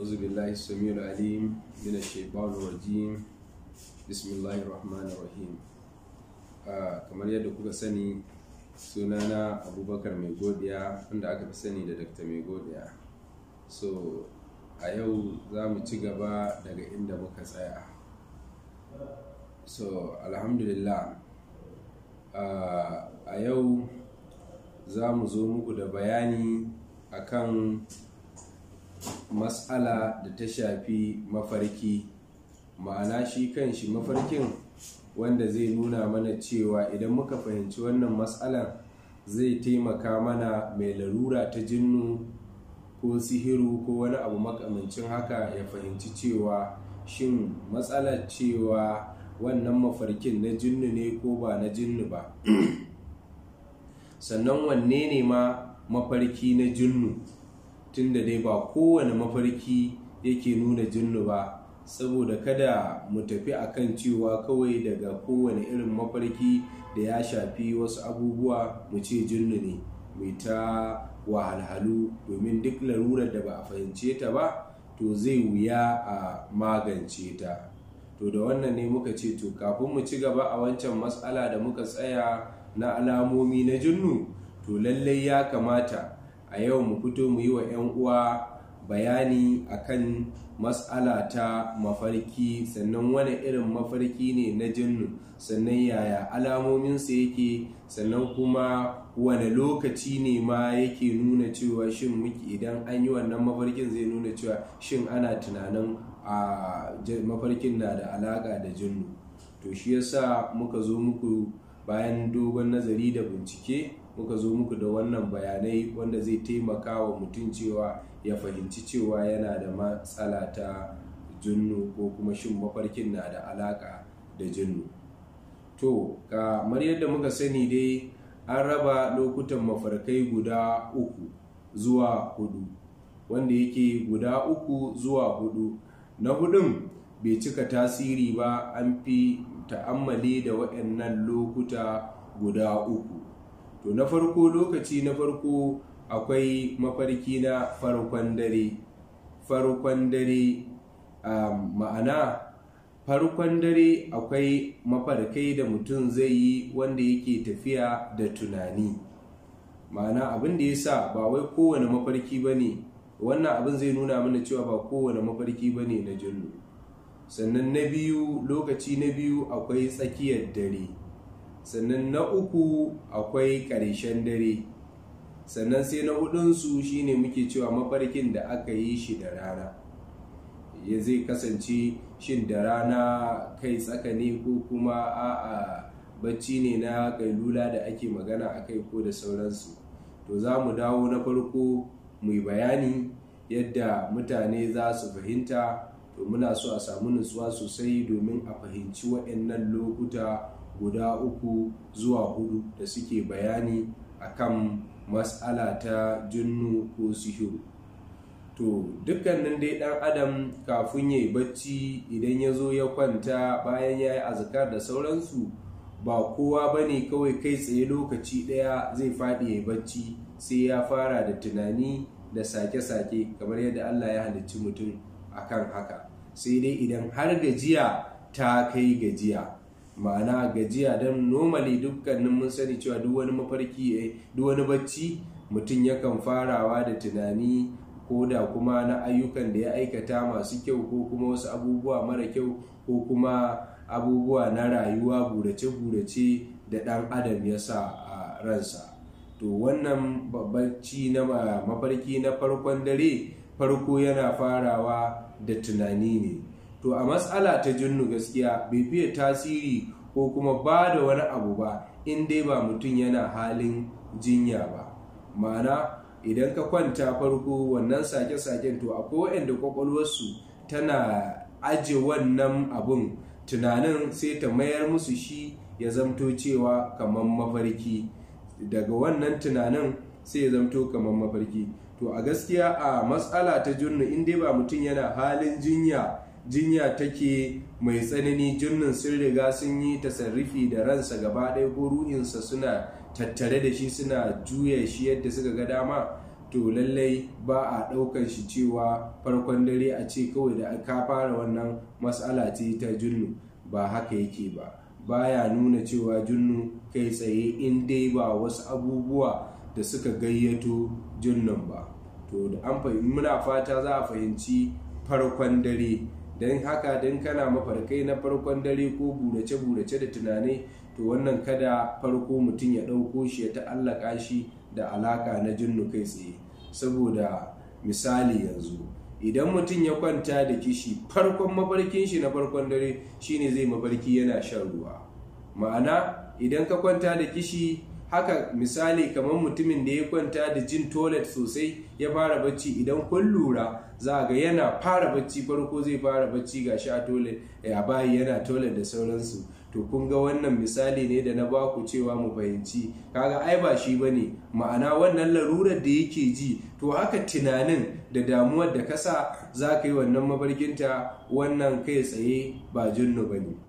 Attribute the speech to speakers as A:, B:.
A: أعوذ بالله السميع العليم من الشيطان الرجيم kamar yadda kuka sani sunana abubakar mai godiya wanda aka fi sani da dakta mai godiya so a yau za mu ci gaba daga inda muka tsaya so alhamdu lillah a yau za mu zo muku da bayani akan matsala da ta shafi mafarki ma'ana shi kan shi mafarkin wanda zai nuna mana cewa idan muka fahimci wannan matsalar zai taimaka mana mai larura ta jinnu ko sihiru ko wani abu makamancin haka ya fahimci cewa shin matsalar cewa wannan mafarkin na jinnu ne ko ba na jinnu ba sannan wanne ne ma mafarki na jinnu Tun da dai ba kowane mafarki yake nuna jinnu ba saboda kada mu tafi akan cewa kawai daga kowane irin mafarki da ya shafi wasu abubuwa mu ce jinnu ne mai ta wahalhalu domin duk larurar da ba a fahimce ta ba to zai wuya a magance ta to da wannan ne muka ce to kafin mu ci gaba a wancan matsala da muka tsaya na alamomi na jinnu to lallai ya kamata a yau mu fito mu yi wa 'yan uwa bayani akan mas'ala ta mafarki sannan wani irin mafarki ne na jinnu sannan yaya alamominsa yake sannan kuma wane lokaci ne ma yake nuna cewa shin muke idan an yi wannan mafarkin zai nuna cewa shin ana tunanin a mafarkin na da alaƙa da jinnu to shi yasa muka zo muku bayan dogon nazari da bincike muka zo muku da wannan bayanai wanda zai taimaka wa mutum cewa ya fahimci cewa yana da matsala ta jinnu ko kuma shin mafarkin na da alaka da jinnu to kamar yadda muka sani dai an raba lokutan mafarkai guda uku zuwa hudu wanda yake guda uku zuwa hudu na hudun bai cika tasiri ba an fi ta'ammali da waɗannan lokuta guda uku to na farko lokaci na farko akwai mafarki na farkon dare farkon dare um, ma'ana farkon dare akwai mafarkai da mutum zai yi wanda yake tafiya da tunani ma'ana abin da ya sa ba wai kowane mafarki ba ne wannan abin zai nuna mana cewa ba kowane mafarki ba ne na jinnu sannan na biyu lokaci na biyu akwai tsakiyar dare sannan na uku akwai ƙarshen dare sannan sai na hudunsu shine muke cewa mafarkin da aka yi shi da rana ya zai kasance shin da rana kai tsaka ne ko kuma 'a bacci ne na kailula da ake magana a kai ko da sauransu to za mu dawo na farko mu bayani yadda mutane za su fahimta muna so a samu nutsuwa sosai domin a fahimci waɗannan lokuta guda uku zuwa hudu da suke bayani a kan matsala ta junnu ko sihiru to dukkanin dai ɗan adam kafin ya yi bacci idan ya zo ya kwanta bayan ya yi azikar da sauransu ba kowa ba ne kawai kai tsaye lokaci ɗaya zai faɗi ya yi bacci sai ya fara da tunani da sake-sake kamar yadda allah ya halicci mutum akan haka sai dai idan har gajiya ta kai gajiya ma'ana gajiya don normally dukkanin mun sani cewa duk wani mafarki eh, duk wani bacci mutum yakan farawa da tunani ko da kuma na ayyukan da ya aikata masu kyau ko kuma wasu abubuwa mara kyau ko kuma abubuwa na rayuwa burace-burace da ɗan adam ya sa a ransa to wannan babbanci na mafarki na farkon dare farko yana farawa da tunani ne to a matsala ta jinnu gaskiya bai fiye tasiri ko kuma ba da wani abu ba in dai ba mutum yana halin jinya ba ma'ana idan ka kwanta farko wannan sake-saken to akwai waɗanda kwakwalwarsu tana aje wannan abun tunanin sai ta mayar musu shi ya zamto cewa kamar mafarki daga wannan tunanin sai ya zamto kamar mafarki to a gaskiya a matsala ta junnu in dai ba mutum yana halin jinya jinya take mai tsanani junnun sun riga sun yi tasarrufi da ransa gaba ɗaya ko ruhinsa suna tattare da shi suna juya shi yadda suka ga dama to lallai ba a ɗaukar shi cewa farkon dare a ce kawai da ka fara wannan matsala ce ta junnu ba haka yake ba baya nuna cewa junnu kai tsaye in dai ba wasu abubuwa da suka gayyato nan ba to da an fahimci muna fata za a fahimci farkon dare don haka don kana mafarkai na farkon dare ko burace-burace da tunani to wannan kada farko mutum ya ɗauko shi ya ta'allaka shi da alaka na jinnu kai tsaye saboda misali yanzu idan mutum ya kwanta da kishi farkon mafarkin shi na farkon dare shine zai mafarki yana shan ruwa ma'ana idan ka kwanta da kishi haka misali kamar mutumin da ya kwanta da jin toilet sosai ya fara bacci idan kun lura za ga yana fara bacci farko zai fara bacci ga shi a toilet eh, a bayi yana toilet da sauransu to kun ga wannan misali ne da na ba ku cewa mu fahimci kaga ai ba shi bane ma'ana wannan larurar da yake ji to haka tunanin da damuwar da kasa za ka yi wannan mabarkinta wannan kai tsaye ba jinnu bane